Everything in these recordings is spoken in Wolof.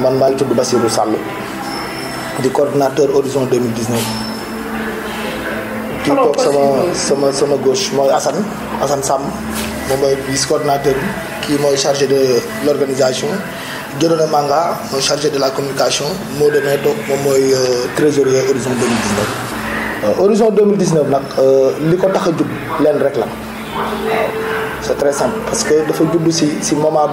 man maa ngi Bassirou Sall di coordinateur Horizon 2019. kii toog sama sama sama gauche mooy vice coordinateur bi est chargé de l'organisation Je Manga mooy chargé de la communication je suis toog trésorier Horizon 2019. Euh, Horizon 2019 nag contact euh, ko tax a rek c'est très simple parce que dafa fait si si moment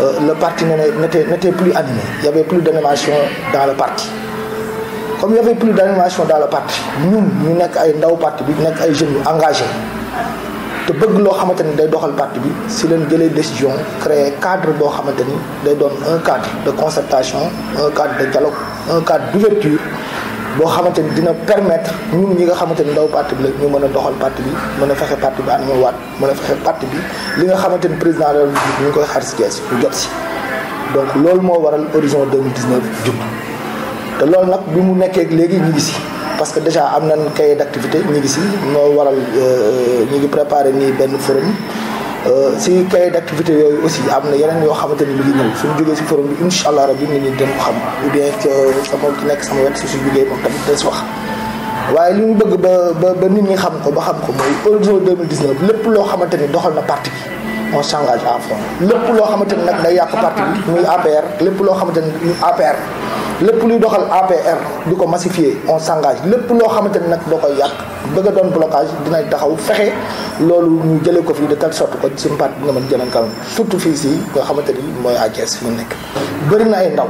euh, le parti n'était plus animé il n'y avait plus d'animation dans le parti comme il n'y avait plus d'animation dans le parti nous, nous sommes ay ndaw parti nous sommes ay jeunes engagés engagé te bëgg loo parti bi si leen jëlee décision créer cadre boo xamante un cadre de concertation un cadre de dialogue un cadre d'ouverture, boo xamante ni dina permettre ñun ñi nga xamante ni ndaw parti bi la ñu mën a doxal parti bi mën a fexe parti bi an waat mën a fexe parti bi li nga xamante ni président de la ñu koy xaar si Thiès ñu jot si donc loolu moo waral de horizon 2019 jub te loolu nag bi mu nekkee léegi ñu ngi si parce que déjà am nañ cahier d'activité ñu ngi si moo waral euh, ñu ngi préparé nii benn forum Euh, si cahier d' activité yooyu aussi am na yeneen yoo xamante ni mi ngi ñëw suñu si forum bi incha allah rabbi nit ñi dañ ko xam ou bien nekk sama wet si suñu liggéey moom tamit des wax waaye li mu bëgg ba ba nit ñi xam ko ba xam ko mooy horizon 2019 lépp loo xamante ni doxal na parti bi on s'engage à lépp loo xamante ni nag day yàq parti bi muy APR lépp loo xamante ni APR le luy doxal APR di ko massifier on s'engage le loo xamante ne nag da koy yàq bëgg doon blocage dinañ taxaw fexe loolu ñu jëlee ko fii de telle sorte que suñu parti dina mën jëlan kanam surtout fii si nga xamante ni mooy à fi ñu nekk bëri na ay ndaw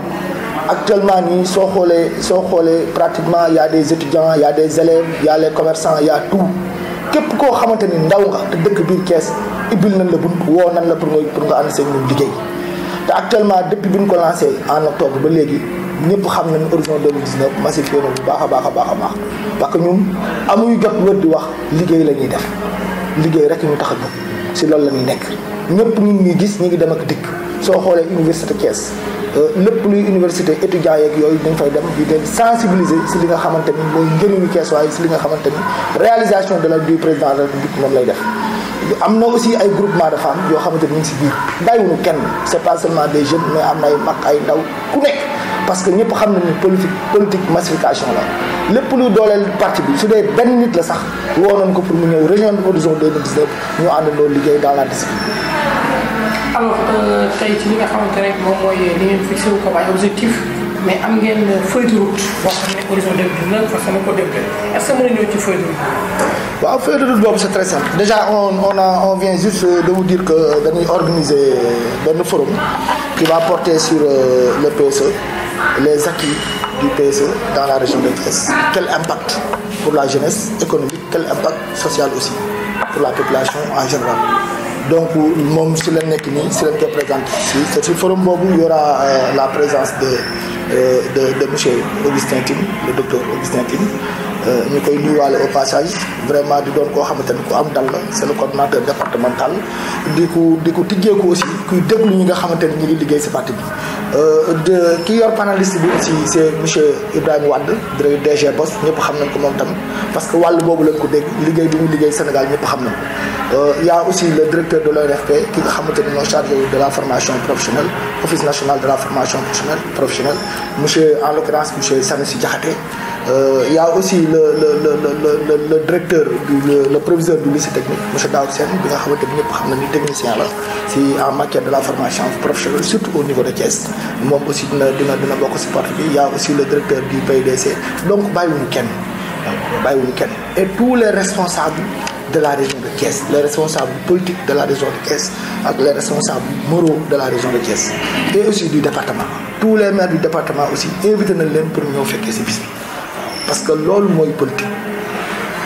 actuellement nii soo xoolee soo xoolee pratiquement y a des étudiants y a des élèves y a les commerçants y a tout képp koo xamante ni ndaw nga te dëkk biir ibbil la bunt woo la pour nga pour nga ànd seen ñun actuellement depuis ko lancé en octobre ñëpp xam nañ horizon 2019 Massif yéen bu baax a baax a baax a baax parce que ñun amuñu jot wër di wax liggéey la ñuy def liggéey rek ñu tax a jóg si loolu la ñuy nekk ñëpp ñu ngi gis ñu ngi dem ak dikk soo xoolee université Thiès euh, lépp luy université étudiants yeeg yooyu dañ fay dem di leen sensibiliser si li nga xamante ni mooy njëriñu Thiès waaye si li nga xamante ni réalisation de la du président de la moom lay def am na aussi ay groupement de femmes yoo xamante ni si biir bàyyiwuñu kenn c'est pas seulement des jeunes mais am na ay mag ay ndaw ku nekk parce que ñëpp xam nañu politique politique massification la lépp luy dooleel parti bi su dee benn nit la sax woo nañ ko pour mu ñëw réunion horizon 2019 ñu àndandoo liggéey dans la discipline. alors euh, tey ci li nga xamante ne moom mooy li ngeen fixé wu objectif mais am ngeen feuille de route boo xam ne horizon 2019 parce que ma ko déggee est-ce que mën ñëw ci feuille de fait c'est très simple déjà on vient juste euh, de vous dire que avons organiser un forum qui va porter sur euh, le PSE les acquis du PSE dans la région de Grèce. quel impact pour la jeunesse économique quel impact social aussi pour la population en général donc M. si c'est un forum il y aura euh, la présence de M. Augustin le docteur Augustin Euh, ñu koy nuyuwaale au passage vraiment di doon koo xamante ni ku am dal la c'est le coordonnateur départemental di ku di ku tijjeeku aussi kuy déglu ñi nga xamante ni ñu ngi liggéey si parti bi. Euh, de ki yor panéliste bi aussi c'est monsieur Ibrahima Wade di DG Boss ñëpp xam nañ ko moom tam parce que wàll boobu lañ ko dégg liggéey bi muy liggéey Sénégal ñëpp xam nañ ko. Euh, aussi le directeur de l'ONFP ki nga xamante ni moo de la formation professionnelle office national de formation professionnelle professionnelle monsieur en l'occurrence monsieur Sanusi Diakhaté. Euh, il aussi le le le le le, le directeur du le, le proviseur du lycée technique monsieur Daoud Sène bi nga xamante ni ñëpp xam na ni technicien la si en matière de la formation professionnelle surtout au niveau de Thiès moom aussi dina dina dina bokk si parti bi y a aussi le directeur du PUDC donc bàyyiwuñu kenn bàyyiwuñu kenn et tous les responsables de la région de Thiès les responsables politiques de la région de Thiès ak les responsables moraux de la région de Thiès et aussi du département tous département aussi invité nañ leen pour ñëw parce que lool moy politique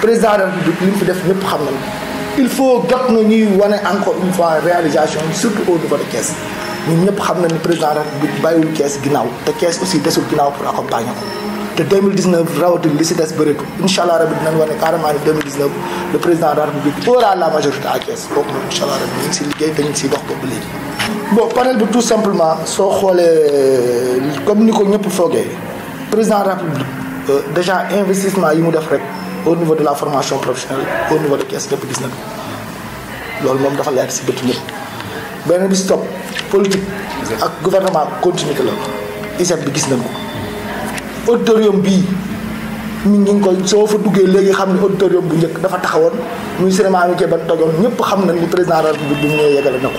président de la République def ñep xam nañu il faut jot na ñuy wane encore une fois réalisation surtout au niveau de Thiès ñun ñëpp xam na ni président de la République bàyyiwul Thiès ginnaaw te Thiès aussi desul ginaaw pour accompagner ko te 2019 rawatina li si des bëreetul inshallah allah rabi dinañ wane carrément 2019 le président de la République aura la majorité à caisse kooku inshallah incha ci rabi ñu ci si liggéey dox bon panel bi tout simplement so xolé comme niko ñep ñëpp président de la République. déjà investissement yi mu def rek au niveau de la formation professionnelle au niveau de kees lépp gis na loolu moom dafa leer si bët ñëpp. beneen bi stop politique ak gouvernement continuité la ISEP bi gis nañ ko auditorium bii ñu ngi koy soo fa duggee léegi xam ne auditorium bu njëkk dafa taxawoon muy cinéma amitié ba tojoon ñëpp xam na ni président de bi mu ñëwee yegale na ko.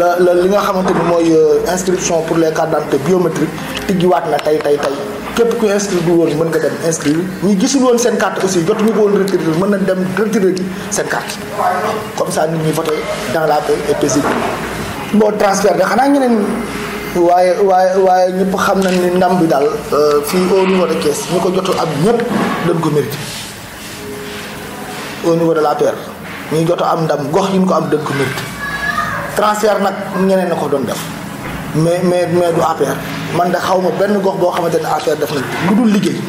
la la li nga xamante ni mooy euh, inscription pour les cartes d'identité biométrique tijjiwaat na tey tey tey képp ku inscrire du woon mën nga dem inscrire ñu gisul woon seen carte aussi jotuñu ko woon retiré mën nañ dem retiré ji seen carte comme ça nit ñi voté dans la paix et paisible bon transfert xanaa ñeneen waaye waaye waaye ñëpp xam nañ ni ndam bi daal euh, fii au niveau de Thiès ñu ko jotu am ñëpp dañ ko mérité au niveau de la paix ñuy jot am ndam gox yi ñu ko am dañ ko mérité transfert nag ñeneen na ko doon def mais mais mais du APR man de xaw ma benn gox boo xamante ne APR def nañ lu dul liggéey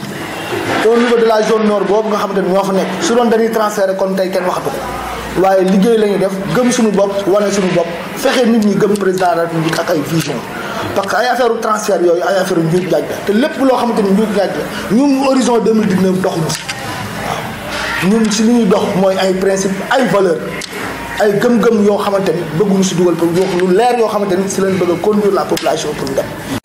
au niveau de la zone nord boobu nga xamante ni ñoo fa nekk su doon dañuy transféré kon tey kenn waxatu ko waaye liggéey la ñuy def gëm suñu bopp wane suñu bopp fexe nit ñi gëm président de la République ak ay vision parce que ay affaire u yooyu ay affaire u njuuj njaaj la te lépp loo xamante ni njuuj njaaj la ñun horizon 2019 doxuñu si waaw ñun si li ñuy dox mooy ay principe ay valeur ay gëm-gëm yoo xamante ni bëgguñu si dugal pour lu leer yoo xamante ni si leen bëgg a conduire la population pour ñu